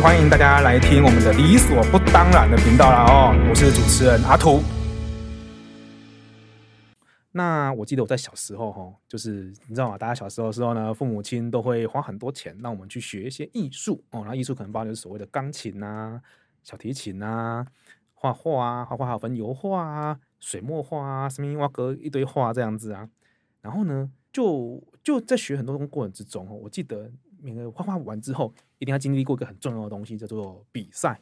歡迎大家來聽我們的理所不當然的頻道啦！哦，我是主持人阿土。那我記得我在小時候哈、哦，就是你知道嗎，大家小時候的時候呢，父母親都會花很多錢讓我們去學一些藝術哦。然後藝術可能包括就是所謂的鋼琴啊、小提琴啊、畫畫啊、畫畫還有分油畫啊、水墨畫啊，什麼一畫個一堆畫這樣子啊。然後呢，就就在學很多的過程之中哦，我記得那個畫畫完之後。一定要經歷過一個很重要的東西，叫做比賽。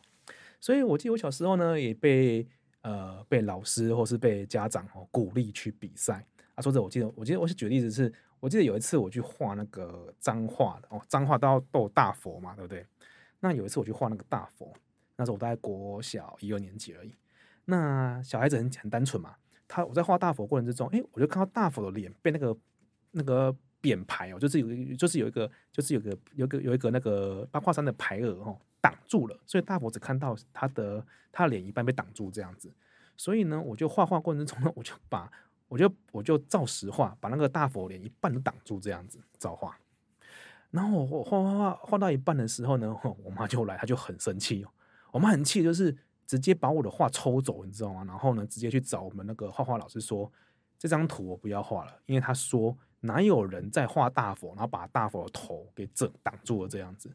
所以我記得我小時候呢，也被呃被老師或是被家長哦、喔、鼓勵去比賽。啊，說這我記得，我記得我是舉的例子是，我記得有一次我去畫那個彰化的哦，彰、喔、化都有大佛嘛，對不對？那有一次我去畫那個大佛，那時候我大概國小一二年級而已。那小孩子很很單純嘛，他我在畫大佛的過程之中，哎、欸，我就看到大佛的臉被那個那個。匾牌哦，就是有，一，就是有一個，就是有一個，有一個，有一個那個八卦山的牌額哦，擋住了，所以大佛只看到他的，他臉一半被擋住這樣子。所以呢，我就畫畫過程中呢，我就把，我就，我就照實畫，把那個大佛臉一半都擋住這樣子照畫。然後我我畫畫畫畫到一半的時候呢，我媽就來，她就很生氣喔。我媽很氣，就是直接把我的畫抽走，你知道嗎？然後呢，直接去找我們那個畫畫老師說，這張圖我不要畫了，因為她說。哪有人在畫大佛，然後把大佛的頭給遮擋住了這樣子？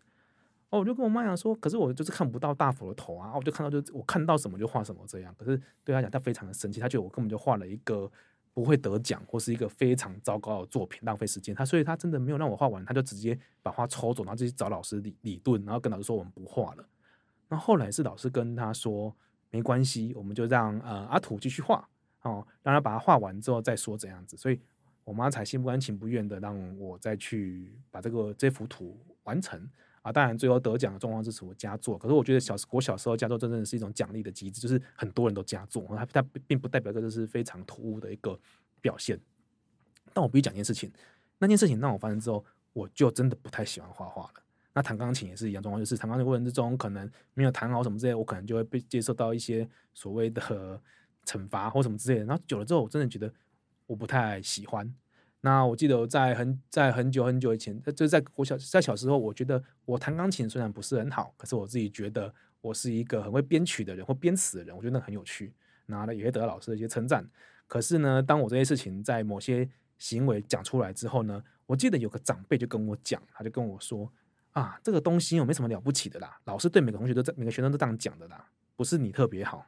哦，我就跟我媽講說，可是我就是看不到大佛的頭啊！哦，我就看到就我看到什麼就畫什麼這樣。可是對他講，他非常的生氣，他覺得我根本就畫了一個不會得獎或是一個非常糟糕的作品，浪費時間。他所以他真的沒有讓我畫完，他就直接把畫抽走，然後自己找老師理理論，然後跟老師說我們不畫了。那後來是老師跟他說沒關係，我們就讓呃阿土繼續畫哦，讓他把它畫完之後再說這樣子。所以。我媽才心不甘情不願的讓我再去把這個這幅圖完成啊！當然最後得獎的狀況就是我佳作，可是我覺得小時我小時候佳作真正是一種獎勵的機制，就是很多人都佳作，它它並不代表這就是非常突兀的一個表現。但我必須講一件事情，那件事情讓我發生之後，我就真的不太喜歡畫畫了。那彈鋼琴也是一樣狀況，就是彈鋼琴過程之中可能沒有彈好什麼之類，我可能就會被接受到一些所謂的懲罰或什麼之類的。然後久了之後，我真的覺得。我不太喜歡。那我記得我在很在很久很久以前，就在我小在小時候，我覺得我彈鋼琴雖然不是很好，可是我自己覺得我是一個很會編曲的人或編詞的人，我覺得那很有趣。然後呢，也會得到老師的一些稱讚。可是呢，當我這些事情在某些行為講出來之後呢，我記得有個長輩就跟我講，他就跟我說啊，這個東西又沒什麼了不起的啦，老師對每個同學都在每個學生都這樣講的啦，不是你特別好。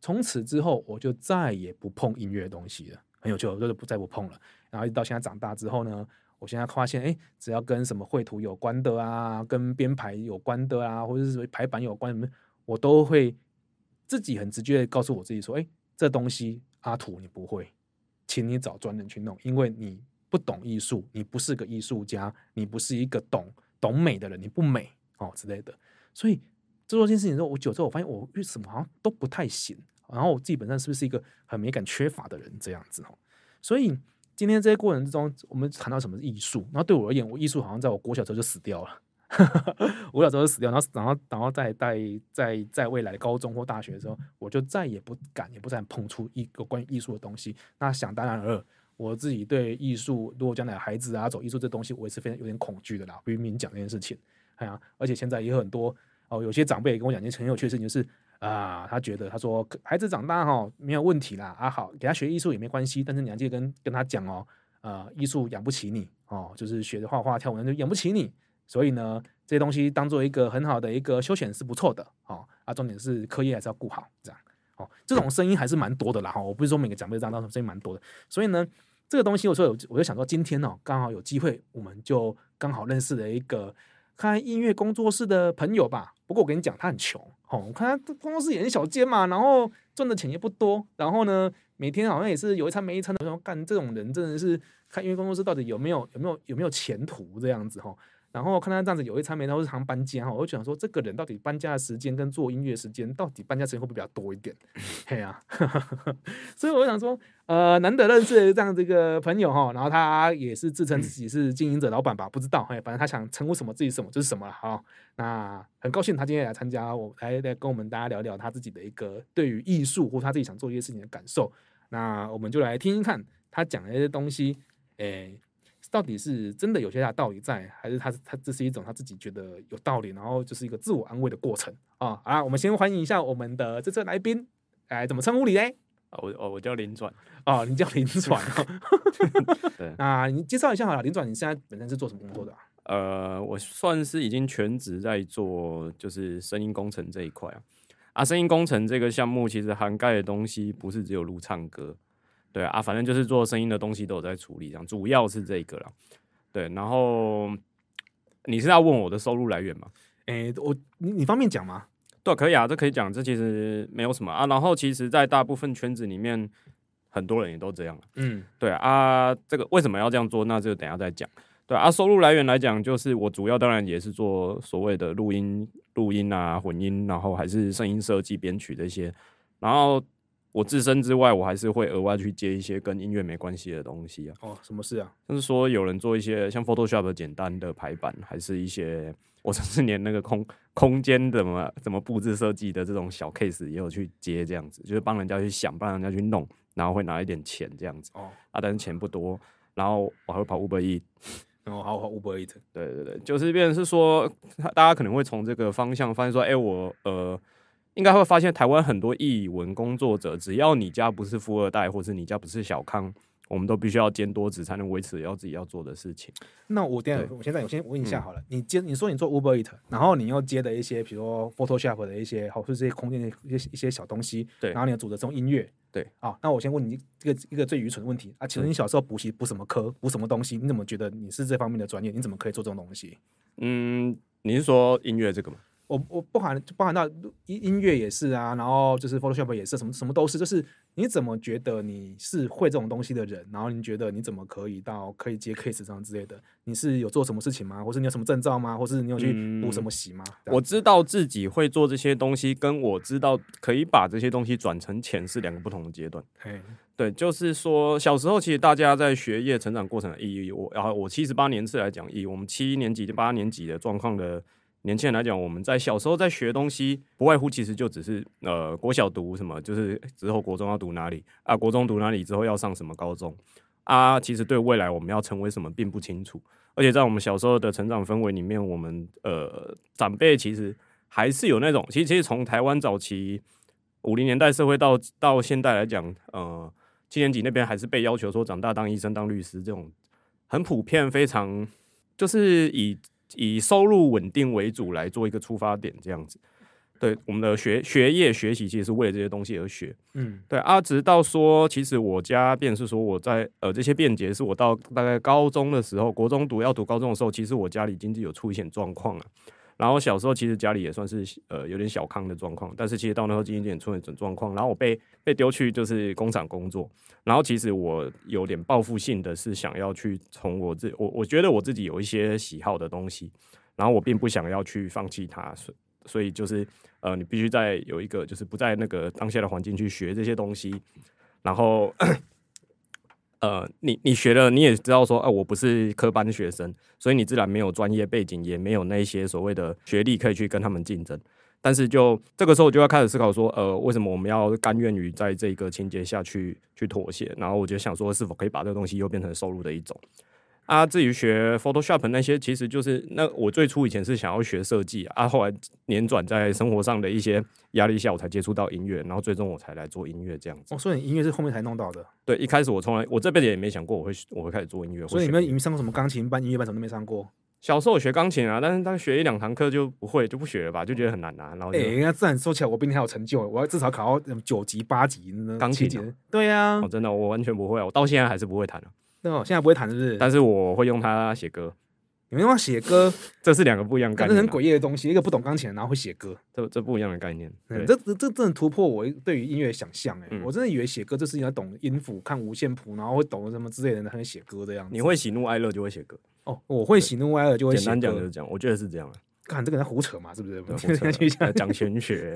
從此之後，我就再也不碰音樂的東西了，很有趣，我就不再不碰了。然後一直到現在長大之後呢，我現在發現，哎、欸，只要跟什麼繪圖有關的啊，跟編排有關的啊，或者是什麼排版有關的，我都會自己很直接的告訴我自己說，哎、欸，這東西阿土你不會，請你找專人去弄，因為你不懂藝術，你不是個藝術家，你不是一個懂懂美的人，你不美哦之類的，所以。製作這件事情之後，我久了之後，我發現我為什麼好像都不太行。然後我自己本身是不是一個很美感缺乏的人這樣子哦？所以今天這些過程之中，我們談到什麼是藝術，然後對我而言，我藝術好像在我國小的時候就死掉了， 我小的時候就死掉，然後然後然後再再在未來的高中或大學的時候，我就再也不敢也不敢碰觸出一個關於藝術的東西。那想當然了，我自己對藝術，如果將來孩子啊走藝術這東西，我也是非常有點恐懼的啦。比如你講這件事情，哎呀、啊，而且現在也有很多。哦，有些長輩跟我講件很有趣的事情，就是啊、呃，他覺得他說孩子長大哈、哦、沒有問題啦，啊好給他學藝術也沒關係，但是你還記得跟跟他講哦，呃藝術養不起你哦，就是學畫畫跳舞就養不起你，所以呢這些東西當做一個很好的一個休閒是不錯的哦，啊重點是課業還是要顧好這樣，哦這種聲音還是蠻多的啦哈，我不是說每個長輩都這樣，但是聲音蠻多的，所以呢這個東西我說我我就想說今天哦剛好有機會我們就剛好認識了一個。開音樂工作室的朋友吧，不過我跟你講，他很窮哦。我看他工作室也很小間嘛，然後賺的錢也不多，然後呢，每天好像也是有一餐沒一餐的。我說，干這種人真的是，開音樂工作室到底有沒有有沒有有沒有前途這樣子哈？哦然後看他這樣子，有一餐沒到，日常搬家，我就想說，這個人到底搬家的時間跟做音樂時間，到底搬家時間會不會比較多一點？嘿呀、嗯！ 所以我想說，呃，難得認識的這樣這個朋友哈。然後他也是自稱自己是經營者、老闆吧，不知道嘿，反正他想成為什麼，自己什麼就是什麼。哈、哦，那很高興他今天來參加，我來來跟我們大家聊聊他自己的一個對於藝術或他自己想做的一些事情的感受。那我們就來聽聽看他講的一些東西，誒、欸。到底是真的有些大道理在，還是他他這是一種他自己覺得有道理，然後就是一個自我安慰的過程啊啊、哦！好了，我們先歡迎一下我們的這次的來賓，哎，怎麼稱呼你嘞？我我我叫林轉啊、哦，你叫林轉對啊，那你介紹一下好了，林轉，你現在本身是做什麼工作的、啊？呃，我算是已經全職在做就是聲音工程這一塊啊啊，聲音工程這個項目其實涵蓋的東西不是只有錄唱歌。對啊，反正就是做聲音的東西都有在處理，主要是這個了。對，然後你是要問我的收入來源嗎？誒，我你你方便講嗎？對啊，可以啊，這可以講，這其實沒有什麼啊。然後其實在大部分圈子裡面，很多人也都這樣。嗯，對啊，這個為什麼要這樣做？那就等一下再講。對啊，收入來源來講，就是我主要當然也是做所謂的錄音、錄音啊、混音，然後還是聲音設計、編曲這些，然後。我自身之外，我還是會額外去接一些跟音樂沒關係的東西啊。哦，什麼事啊？就是說，有人做一些像 Photoshop 的簡單的排版，還是一些我甚至連那個空空間怎麼怎麼布置設計的這種小 case 也有去接這樣子，就是幫人家去想，幫人家去弄，然後會拿一點錢這樣子。哦。啊，但是錢不多，然後我還會跑 Uber Eats。然後還會跑 Uber Eats。然後跑 e 對對對，就是變成是說，大家可能會從這個方向發現說，哎、欸，我呃。應該會發現，台灣很多藝文工作者，只要你家不是富二代，或是你家不是小康，我們都必須要兼多職才能維持要自己要做的事情。那我等下，對我現在我先問一下好了，嗯、你接你說你做 Uber Eat 然後你要接的一些，比如 Photoshop 的一些，或是這些空間的一些一些小東西，對，然後你組的這種音樂，對啊、哦，那我先問你一個一個最愚蠢的問題啊，其實你小時候補習補什麼科，補什麼東西？你怎麼覺得你是這方面的專業？你怎麼可以做這種東西？嗯，你是說音樂這個嗎？我我包含包含到音音樂也是啊，然後就是 Photoshop 也是，什麼什麼都是。就是你怎麼覺得你是會這種東西的人？然後你覺得你怎麼可以到可以接 case 這樣之類的？你是有做什麼事情嗎？或是你有什麼證照嗎？或是你有去補什麼習嗎？嗯、我知道自己會做這些東西，跟我知道可以把這些東西轉成錢是兩個不同的階段。嘿對，就是說小時候其實大家在學業成長過程以我然後我七十八年次來講，以我們七年級八年級的狀況的。年輕人來講，我們在小時候在學東西，不外乎其實就只是呃國小讀什麼，就是之後國中要讀哪裡啊，國中讀哪裡之後要上什麼高中啊，其實對未來我們要成為什麼並不清楚。而且在我們小時候的成長氛圍裡面，我們呃長輩其實還是有那種，其實其實從台灣早期五零年代社會到到現代來講，呃七年級那邊還是被要求說長大當醫生、當律師這種很普遍、非常就是以。以收入穩定為主來做一個出發點，這樣子，對我們的學學業學習，其實是為了這些東西而學，嗯，對。啊，直到說，其實我家便是說，我在呃這些便捷，是我到大概高中的時候，國中讀要讀高中的時候，其實我家裡經濟有出現狀況啊。然後小時候其實家裡也算是呃有點小康的狀況，但是其實到那時候經濟點出現一種狀況，然後我被被丟去就是工廠工作，然後其實我有點報復性的是想要去從我自我，我覺得我自己有一些喜好的東西，然後我並不想要去放棄它，所以所以就是呃你必須在有一個就是不在那個當下的環境去學這些東西，然後。呃，你你學了，你也知道說，啊、呃，我不是科班學生，所以你自然沒有專業背景，也沒有那些所謂的學歷可以去跟他們競爭。但是就這個時候，我就要開始思考說，呃，為什麼我們要甘願於在這個情節下去去妥協？然後我就想說，是否可以把這個東西又變成收入的一種？啊，至於學 Photoshop 那些，其實就是那我最初以前是想要學設計啊，後來輾轉在生活上的一些壓力下，我才接觸到音樂，然後最終我才來做音樂這樣子。哦，所以音樂是後面才弄到的。對，一開始我從來，我這輩子也沒想過我會我會開始做音樂。所以你們有沒有學上過什麼鋼琴班、音樂班什麼都沒上過。小時候我學鋼琴啊，但是但學一兩堂課就不會，就不學了吧，就覺得很難啊。然後哎，那這樣說起來，我比你還有成就，我要至少考到九級、八級呢。鋼琴？級對呀、啊。哦，真的，我完全不會，我到現在還是不會彈。對哦，現在不會彈是不是？但是我會用它寫歌。你用它寫歌， 這是兩個不一樣的概念，這是很詭異的東西。一個不懂鋼琴，然後會寫歌，這這不一樣的概念。對，嗯、這這真的突破我對於音樂的想象哎、欸！嗯、我真的以為寫歌就是要懂音符、看五線譜，然後會懂什麼之類的，才能寫歌這樣。你會喜怒哀樂就會寫歌哦，我會喜怒哀樂就會寫歌。簡單講就是這樣，我覺得是這樣了。看這個人胡扯嘛，是不是？講玄 學。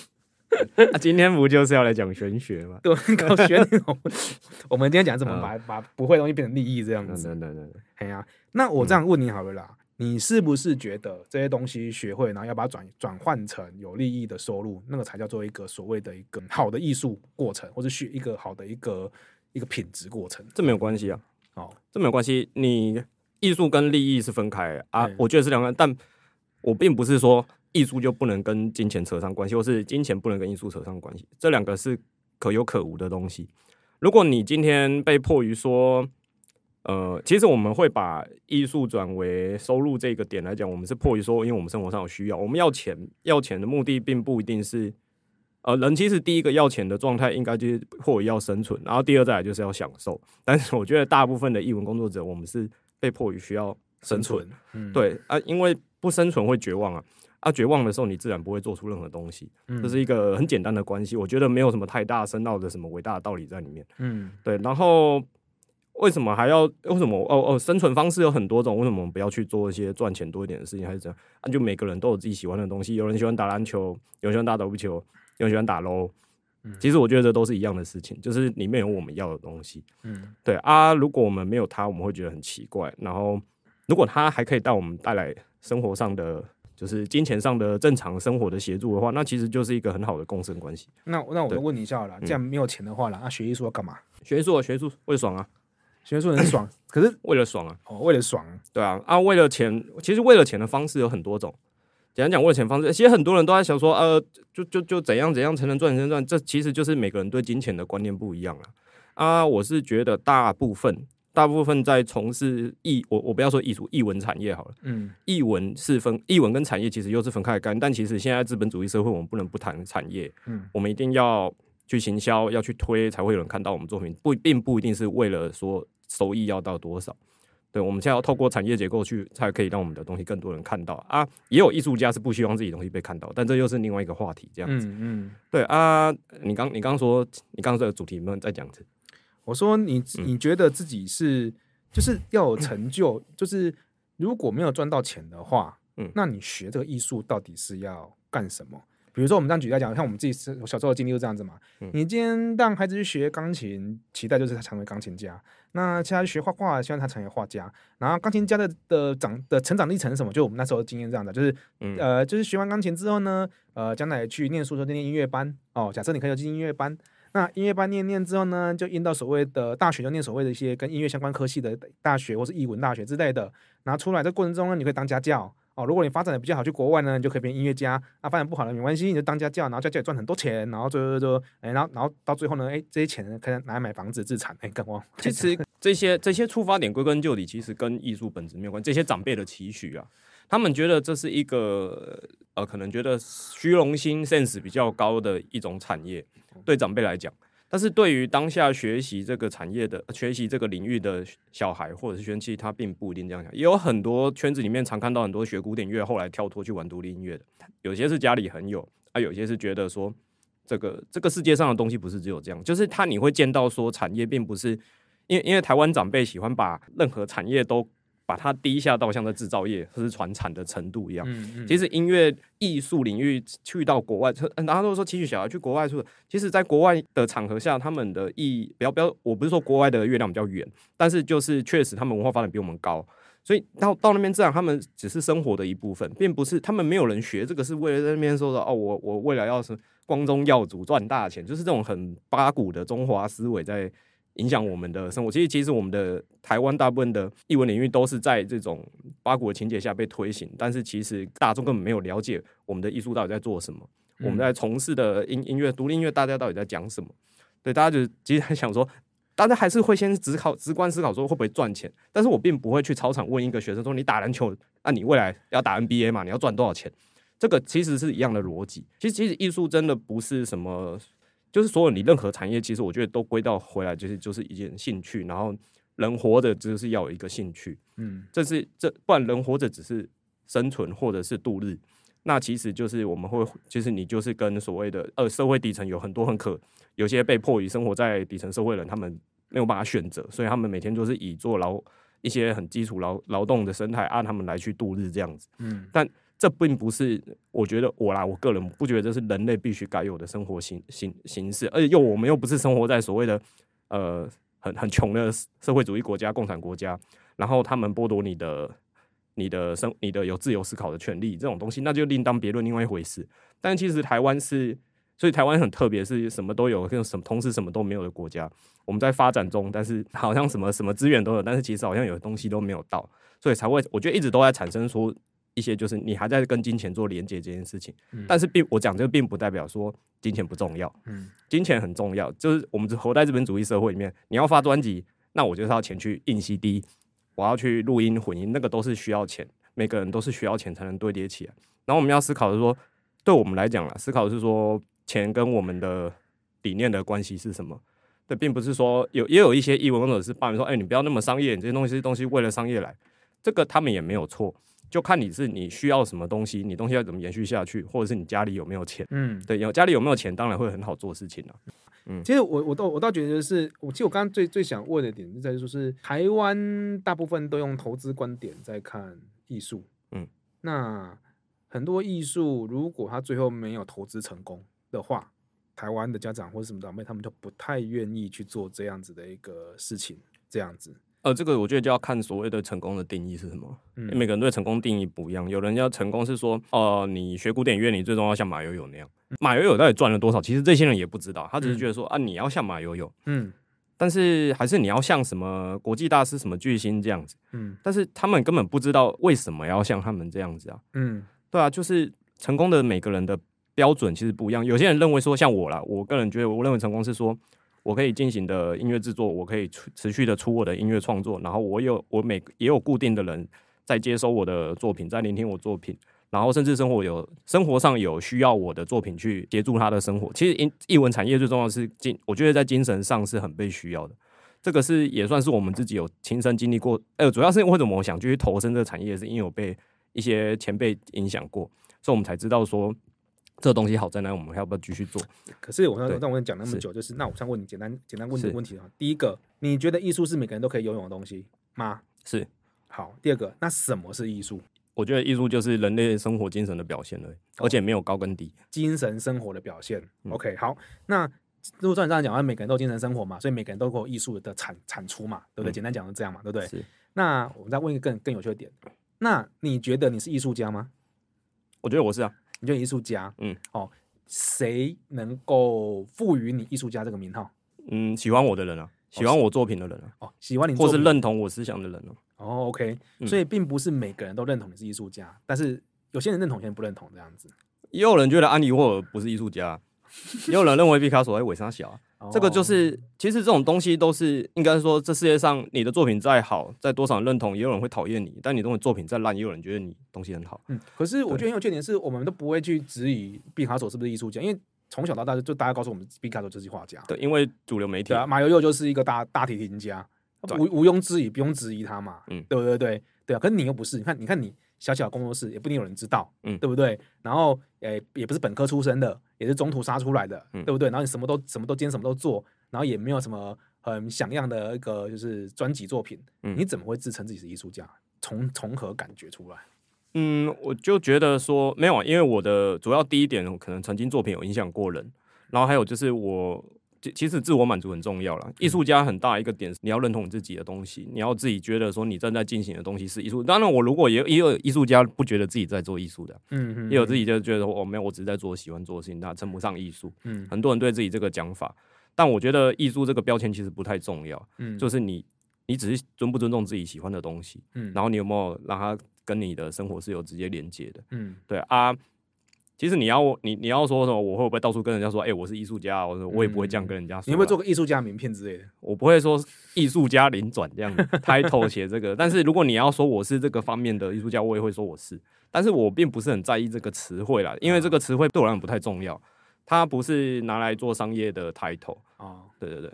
啊，今天不就是要來講玄學嗎？對，搞玄學。 我們今天講怎麼把、嗯、把不會的東西，變成利益這樣子，嗯嗯嗯啊。那我這樣問你好了啦，嗯、你是不是覺得這些東西學會，然後要把它轉轉換成有利益的收入，那個才叫做一個所謂的一個好的藝術過程，或者是一個好的一個一個品質過程？這沒有關係啊，好、哦，這沒有關係。你藝術跟利益是分開啊，對 我覺得是兩個，但我並不是說。藝術就不能跟金錢扯上關係，或是金錢不能跟藝術扯上關係，這兩個是可有可無的東西。如果你今天被迫於說，呃，其實我們會把藝術轉為收入這個點來講，我們是迫於說，因為我們生活上有需要，我們要錢，要錢的目的並不一定是，呃，人其實第一個要錢的狀態應該就是迫於要生存，然後第二再來就是要享受。但是我覺得大部分的藝文工作者，我們是被迫於需要生存，生存，嗯。對啊，因為不生存會絕望啊。啊！絕望的時候，你自然不會做出任何東西。這是一個很簡單的關係，我覺得沒有什麼太大深奧的什麼偉大的道理在裡面。嗯，對。然後為什麼還要，為什麼哦哦？生存方式有很多種，為什麼我們不要去做一些賺錢多一點的事情？還是怎樣？啊，就每個人都有自己喜歡的東西，有人喜歡打籃球，有人喜歡打鬥地球，有人喜歡打樓。嗯，其實我覺得這都是一樣的事情，就是裡面有我們要的東西。嗯，對啊。如果我們沒有它，我們會覺得很奇怪。然後，如果它還可以帶我們帶來生活上的。就是金錢上的正常生活的協助的話，那其實就是一個很好的共生關係。那那我就問你一下好了，既然對沒有錢的話了，那、嗯啊、學藝術要幹嘛？學藝術，學藝術為爽啊，學藝術很爽 可是為了爽啊。哦，為了爽、啊。對啊，啊，為了錢，其實為了錢的方式有很多種。簡單講，為了錢的方式，其實很多人都在想說，呃，就就就怎樣怎樣才能賺錢賺？這其實就是每個人對金錢的觀念不一樣了、啊。啊，我是覺得大部分。大部分在從事藝，我我不要說藝術，藝文產業好了，嗯，藝文是分藝文跟產業其實又是分開幹，但其實現在資本主義社會，我們不能不談產業，嗯，我們一定要去行銷，要去推，才會有人看到我們作品，不並不一定是為了說收益要到多少，對，我們現在要透過產業結構去，才可以讓我們的東西更多人看到啊。也有藝術家是不希望自己的東西被看到，但這又是另外一個話題，這樣子，嗯，嗯對啊，你剛你剛說你剛剛這個主題有沒有在，我們再講一次。我說你，你覺得自己是，就是要有成就，嗯、就是如果沒有賺到錢的話，嗯，那你學這個藝術到底是要幹什麼？比如說我們這樣舉例講，像我們自己是我小時候的經歷就這樣子嘛。嗯、你今天讓孩子去學鋼琴，期待就是他成為鋼琴家；那其他學畫畫，希望他成為畫家。然後鋼琴家的的長的成長歷程是什麼？就我們那時候的經驗這樣的，就是，嗯、呃，就是學完鋼琴之後呢，呃，將來去念書的時候念音樂班。哦，假設你可以進音樂班。那音樂班念念之後呢，就念到所謂的大學，就念所謂的一些跟音樂相關科系的大學，或是藝文大學之類的。然後出來的過程中呢，你可以當家教哦。如果你發展的比較好，去國外呢，你就可以變音樂家。那、啊、發展不好的沒關係，你就當家教，然後家教賺很多錢。然後，就就就誒、欸。然後然後到最後呢，誒、欸，這些錢可能拿來買房子置產誒，跟、欸、我。其實這些這些出發點歸根究底，其實跟藝術本質沒有關。這些長輩的期許啊，他們覺得這是一個。呃，可能覺得虛榮心 sense 比較高的一種產業，對長輩來講；但是，對於當下學習這個產業的、學習這個領域的小孩，或者是學習他，並不一定這樣想。也有很多圈子裡面常看到很多學古典樂，後來跳脫去玩獨立音樂的，有些是家裡很有，啊，有些是覺得說，這個這個世界上的東西不是只有這樣，就是他你會見到說，產業並不是，因為因為台灣長輩喜歡把任何產業都。把它低下到像在制造業或是傳產的程度一樣。嗯嗯其實音樂藝術領域去到國外，他都說提取小孩去國外去其實，在國外的場合下，他們的意不要不要，我不是說國外的月亮比較圓，但是就是確實他們文化發展比我們高，所以到到那邊這樣，他們只是生活的一部分，並不是他們沒有人學這個，是為了在那邊說的哦，我我未來要是光宗耀祖賺大錢，就是這種很八股的中華思維在。影響我們的生活。其實，其實我們的台灣大部分的藝文領域都是在這種八股的情節下被推行，但是其實大眾根本沒有了解我們的藝術到底在做什麼，嗯、我們在從事的音、音樂、獨立音樂，大家到底在講什麼？對，大家就是其實想說，大家還是會先直考、直觀思考說會不會賺錢。但是我並不會去操場問一個學生說：“你打籃球，那、啊、你未來要打 NBA 嘛？你要賺多少錢？”這個其實是一樣的邏輯。其實，其實藝術真的不是什麼。就是所有你任何產業，其實我覺得都歸到回來就是就是一件興趣，然後人活着就是要有一個興趣，嗯，這是這不然人活着只是生存或者是度日，那其實就是我們會其實你就是跟所謂的呃社會底層有很多很可有些被迫於生活在底層社會人，他們沒有辦法選擇，所以他們每天就是以做勞一些很基礎勞勞動的生態按他們來去度日這樣子，嗯，但。這並不是，我覺得我啦，我個人不覺得這是人類必須該有的生活形形形式，而且又我們又不是生活在所謂的呃很很窮的社會主義國家、共產國家，然後他們剝奪你的、你的生、你的有自由思考的權利這種東西，那就另當別論，另外一回事。但其實台灣是，所以台灣很特別，是什麼都有跟什麼同時什麼都沒有的國家。我們在發展中，但是好像什麼什麼資源都有，但是其實好像有東西都沒有到，所以才會我覺得一直都在產生說。一些就是你還在跟金錢做連接這件事情，嗯、但是並我講這個並不代表說金錢不重要，嗯，金錢很重要。就是我們活在資本主義社會裡面，你要發專輯，那我就是要錢去印 CD，我要去錄音混音，那個都是需要錢，每個人都是需要錢才能堆疊起來。然後我們要思考的是說，對我們來講了，思考的是說錢跟我們的理念的關係是什麼？對，並不是說有也有一些藝文工作者是抱怨說，哎、欸，你不要那麼商業，你這些東西東西為了商業來，這個他們也沒有錯。就看你是你需要什麼東西，你東西要怎麼延續下去，或者是你家裡有沒有錢。嗯，對，有家裡有沒有錢，當然會很好做事情了啊。嗯，其實我我倒我倒覺得是，我其實我剛剛最最想問的點，就是，就在於說是台灣大部分都用投資觀點在看藝術。嗯，那很多藝術如果他最後沒有投資成功的話，台灣的家長或者什麼長輩，他們就不太願意去做這樣子的一個事情，這樣子。呃，這個我覺得就要看所謂的成功的定義是什麼，嗯、因為每個人對成功定義不一樣。有人要成功是說，哦、呃，你學古典樂，你最終要像馬友友那樣。嗯、馬友友到底賺了多少？其實這些人也不知道，他只是覺得說、嗯、啊，你要像馬友友，嗯，但是還是你要像什麼國際大師、什麼巨星這樣子，嗯，但是他們根本不知道為什麼要像他們這樣子啊，嗯，對啊，就是成功的每個人的標準其實不一樣。有些人認為說，像我啦，我個人覺得，我認為成功是說。我可以進行的音樂制作，我可以持持續的出我的音樂創作，然後我有我每也有固定的人在接收我的作品，在聆聽我的作品，然後甚至生活有生活上有需要我的作品去協助他的生活。其實，藝文產業最重要的是精，我覺得在精神上是很被需要的。這個是也算是我們自己有親身經歷過。哎、呃，主要是為什麼我想繼續投身這個產業，是因為我被一些前輩影響過，所以我們才知道說。這東西好在哪？我們要不要繼續做？可是我那我跟你講那麼久，就是那我想問你簡單簡單問你問題啊。第一個，你覺得藝術是每個人都可以擁有的東西嗎？是。好，第二個，那什麼是藝術？我覺得藝術就是人類生活精神的表現而已，而且沒有高跟低。精神生活的表現。OK，好。那如果照你這樣講，每個人都有精神生活嘛，所以每個人都會有藝術的產產出嘛，對不對？簡單講是這樣嘛，對不對？那我們再問一個更更有趣的點，那你覺得你是藝術家嗎？我覺得我是啊。你就是藝術家，嗯，哦，誰能夠賦予你藝術家這個名號？嗯，喜歡我的人啊，喜歡我作品的人啊，哦，喜歡你作品，或是認同我思想的人，啊、哦。哦，OK，所以並不是每個人都認同你是藝術家，嗯，但是有些人認同，有些人不認同這樣子。也有人覺得安迪沃荷不是藝術家， 也有人認為畢卡索哎偽三小、啊。這個就是，其實這種東西都是應該說，這世界上你的作品再好，再多少人認同，也有人會討厭你；但你這種作品再爛，也有人覺得你東西很好。嗯，可是我覺得很有缺點，是我們都不會去質疑畢卡索是不是藝術家，因為從小到大就大家告訴我們，畢卡索就是畫家。對，因為主流媒體，馬友友就是一個大大提琴家，無毋庸置疑，不用質疑他嘛，嗯，對不對？對，對啊，可是你又不是，你看，你看你。小小工作室也不一定有人知道，嗯，對不對？然後，誒，也不是本科出身的，也是中途殺出來的，嗯，對不對？然後你什麼都什麼都兼什麼都做，然後也沒有什麼很響亮的一個就是專輯作品，嗯，你怎麼會自稱自己是藝術家？從從何感覺出來？嗯，我就覺得說沒有啊，因為我的主要第一點可能曾經作品有影響過人，然後還有就是我。其實自我滿足很重要啦。藝術家很大一個點，你要認同你自己的東西，你要自己覺得說你正在進行的東西是藝術。當然，我如果也有也有藝術家不覺得自己在做藝術的，嗯，也有自己就覺得我沒有，我只是在做喜歡做的事情，那稱不上藝術。嗯，很多人對自己這個講法，但我覺得藝術這個標籤其實不太重要。嗯，就是你你只是尊不尊重自己喜歡的東西，嗯，然後你有沒有讓它跟你的生活是有直接連接的，嗯，對啊。其實你要你你要說什麼？我會不會到處跟人家說？哎、欸，我是藝術家，我說我也不會這樣跟人家說，嗯。你會不會做個藝術家名片之類的？我不會說藝術家零轉這樣 title 寫這個。但是如果你要說我是這個方面的藝術家，我也會說我是。但是我並不是很在意這個詞彙啦，因為這個詞彙對我來講不太重要。它不是拿來做商業的 title 啊，哦。對對對。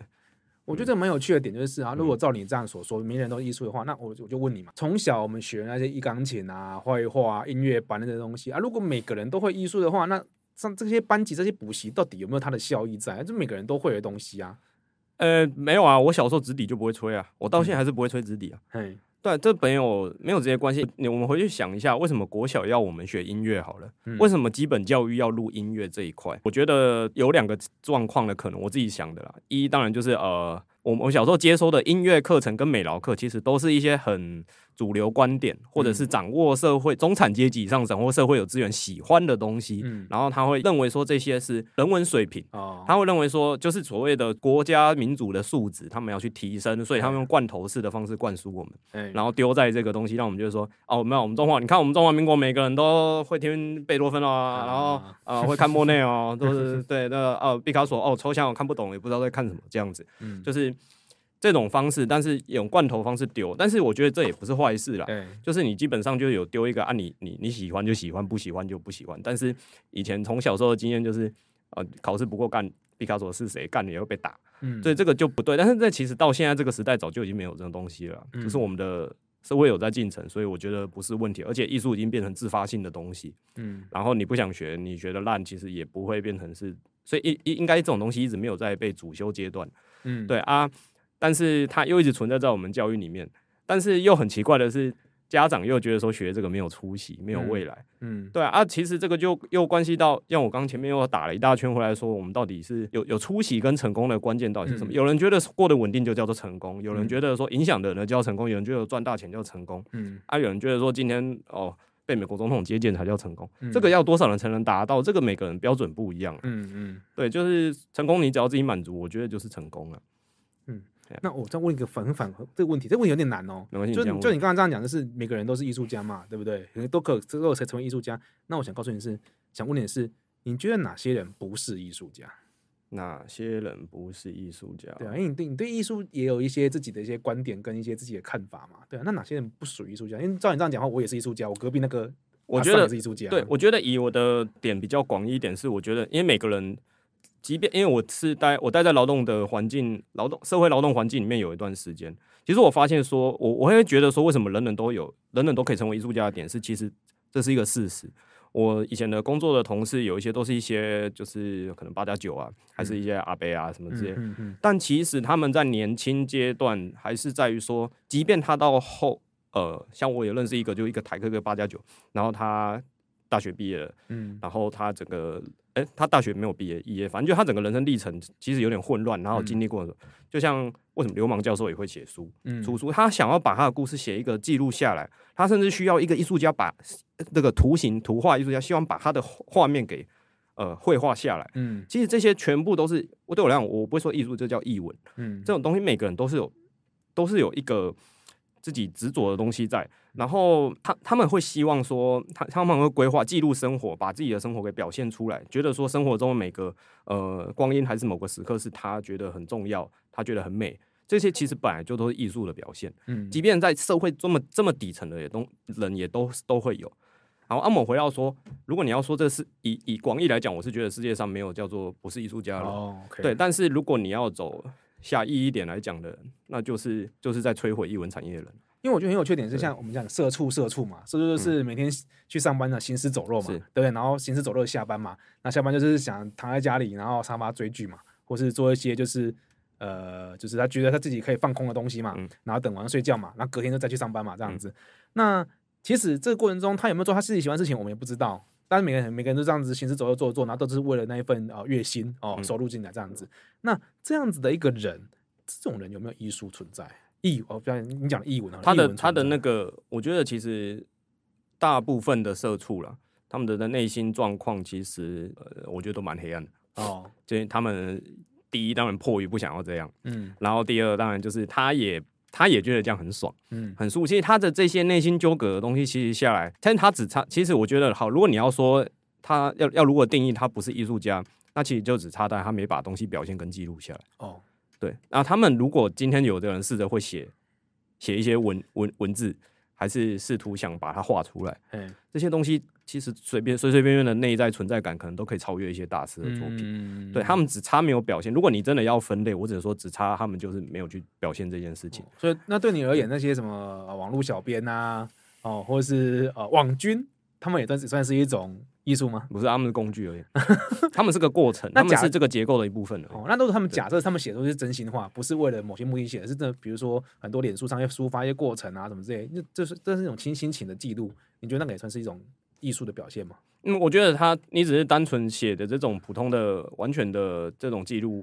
我覺得這蠻有趣的點就是啊，如果照你這樣所說，每個人都藝術的話，那我我就問你嘛，從小我們學那些一鋼琴啊、繪畫、音樂班那些東西啊，如果每個人都會藝術的話，那像這些班級、這些補習到底有沒有它的效益在？這每個人都會的東西啊？呃，沒有啊，我小時候直笛就不會吹啊，我到現在還是不會吹直笛啊。嘿、嗯。嗯對，這沒有沒有直接關係。你我們回去想一下，為什麼國小要我們學音樂好了？嗯、為什麼基本教育要錄音樂這一塊？我覺得有兩個狀況的可能，我自己想的啦。一，當然就是呃，我我小時候接收的音樂課程跟美勞課，其實都是一些很。主流觀點，或者是掌握社會中產階級以上，掌握社會有資源喜歡的東西，然後他會認為說這些是人文水平，他會認為說就是所謂的國家民主的素質，他們要去提升，所以他們用罐頭式的方式灌輸我們，然後丟在這個東西，讓我們就是說哦，沒有我們中華，你看我們中華民國，每個人都會聽貝多芬哦，然後呃會看莫內哦，都是對，那哦，畢卡索哦，抽象我看不懂，也不知道在看什麼這樣子，嗯，就是。這種方式，但是用罐頭方式丟，但是我覺得這也不是壞事啦，欸、就是你基本上就有丟一個啊你，你你你喜歡就喜歡，不喜歡就不喜歡。但是以前從小時候的經驗就是，呃，考試不過幹畢卡索是誰幹你也會被打，嗯，所以這個就不對。但是這其實到現在這個時代早就已經沒有這種東西了啦，嗯，就是我們的社會有在進程，所以我覺得不是問題。而且藝術已經變成自發性的東西，嗯，然後你不想學，你覺得爛，其實也不會變成是，所以應一應該這種東西一直沒有在被主修階段，嗯，對啊。但是它又一直存在在我們教育裡面，但是又很奇怪的是，家長又覺得說學這個沒有出息，沒有未來。嗯，嗯對啊，啊，其實這個就又關係到，像我剛前面又打了一大圈，回來說我們到底是有有出息跟成功的關鍵到底是什麼？嗯、有人覺得過得穩定就叫做成功，有人覺得說影響的人叫成功，有人覺得賺大錢叫成功。嗯，啊，有人覺得說今天哦被美國總統接見才叫成功，嗯、這個要多少人才能達到？這個每個人標準不一樣嗯。嗯嗯，對，就是成功，你只要自己滿足，我覺得就是成功了。那我再問一個反反這個問題，這個問題有點難哦、喔。就就你剛剛這樣講的是每個人都是藝術家嘛，對不對？都可都可以成為藝術家。那我想告訴你是，想問你的是，你覺得哪些人不是藝術家？哪些人不是藝術家？對啊，因為你對你對藝術也有一些自己的一些觀點跟一些自己的看法嘛，對啊。那哪些人不屬於藝術家？因為照你這樣講話，我也是藝術家。我隔壁那個，我覺得也是藝術家。對，我覺得以我的點比較廣義一點是，我覺得因為每個人。即便因為我是待我待在勞動的環境、勞動社會勞動環境裡面有一段時間，其實我發現說，我我會覺得說，為什麼人人都有，人人都可以成為藝術家的點是，其實這是一個事實。我以前的工作的同事有一些都是一些就是可能八加九啊，還是一些阿伯啊什麼這些，但其實他們在年輕階段還是在於說，即便他到後呃，像我也認識一個，就一個台客個，個八加九，然後他。大學畢業了，嗯，然後他整個，誒、欸，他大學沒有畢業，也反正就他整個人生歷程其實有點混亂，然後經歷過的時候，嗯、就像為什麼流氓教授也會寫書、出、嗯、書，書？他想要把他的故事寫一個記錄下來，他甚至需要一個藝術家把那個圖形、圖畫藝術家，希望把他的畫面給呃繪畫下來。嗯，其實這些全部都是我對我來講，我不會說藝術，這叫藝文。嗯，這種東西每個人都是有，都是有一個。自己執着的東西在，然後他他們會希望說，他他們會規劃記錄生活，把自己的生活給表現出來，覺得說生活中每個呃光陰還是某個時刻是他覺得很重要，他覺得很美，這些其實本來就都是藝術的表現，嗯、即便在社會這麼這麼底層的也都、嗯、人也都都會有。然後阿、啊、姆回到說，如果你要說這是以以廣義來講，我是覺得世界上沒有叫做不是藝術家了。哦 okay、對，但是如果你要走。狹義一點來講的，那就是就是在摧毀藝文產業的人，因為我覺得很有缺點，就像我們講對社畜，社畜嘛，社畜就是每天去上班的行屍走肉嘛，嗯、對不對？然後行屍走肉下班嘛，那下班就是想躺在家裡，然後沙發追劇嘛，或是做一些就是呃，就是他覺得他自己可以放空的東西嘛，嗯、然後等完睡覺嘛，然後隔天就再去上班嘛，這樣子。嗯、那其實這個過程中，他有沒有做他自己喜歡的事情，我們也不知道。但是每個人，每個人都這樣子行屍走肉做做，然後都是為了那一份啊、呃，月薪哦收入進來這樣子。嗯、那這樣子的一個人，這種人有沒有藝術存在藝哦？不像你講藝文他的文他的那個，我覺得其實大部分的社畜了，他們的內心狀況其實、呃、我覺得都蠻黑暗的哦。就他們第一當然迫於不想要這樣，嗯，然後第二當然就是他也。他也覺得這樣很爽，嗯，很舒服。其實他的這些內心糾葛的東西，其實下來，但他只差，其實我覺得好，如果你要說他要要，如果定義他不是藝術家，那其實就只差在他沒把東西表現跟記錄下來。哦，對，那他們如果今天有的人試着會寫寫一些文文文字。還是試圖想把它畫出來，嘿這些東西其實隨便隨隨便便的內在存在感，可能都可以超越一些大師的作品。嗯、對他們只差沒有表現。如果你真的要分類，我只能說只差他們就是沒有去表現這件事情。哦、所以那對你而言，那些什麼、呃、網絡小編啊，哦、呃，或者是呃網軍，他們也都只算是一種。藝術嗎？不是，他們是工具而已。 他們是個過程， 假他們是這個結構的一部分哦，那都是他們假設對他們寫的都是真心話，不是為了某些目的寫，是的是這，比如說很多臉書上要抒發一些過程啊，什麼之類，那這，就是這是一種清心情的記錄。你覺得那個也算是一種藝術的表現嗎？嗯，我覺得他你只是單純寫的這種普通的，完全的這種記錄。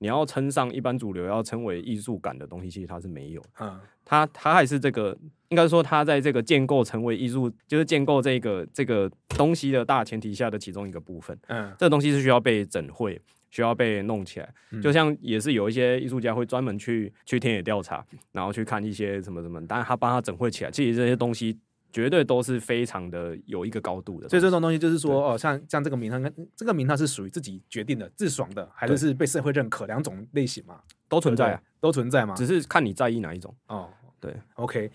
你要稱上一般主流要稱為藝術感的東西，其實它是沒有。嗯，它它還是這個，應該說它在這個建構成為藝術，就是建構這個這個東西的大前提下的其中一個部分。嗯，這個東西是需要被整會，需要被弄起來。就像也是有一些藝術家會專門去去田野調查，然後去看一些什麼什麼，當然他幫他整會起來，其實這些東西。絕對都是非常的有一個高度的，所以這種東西就是說，對 哦，像像這個名堂，這個名堂是屬於自己決定的，自爽的，還是對 被社會認可兩種類型嘛？都存在、啊、對吧 都存在嘛，只是看你在意哪一種。哦，對，OK。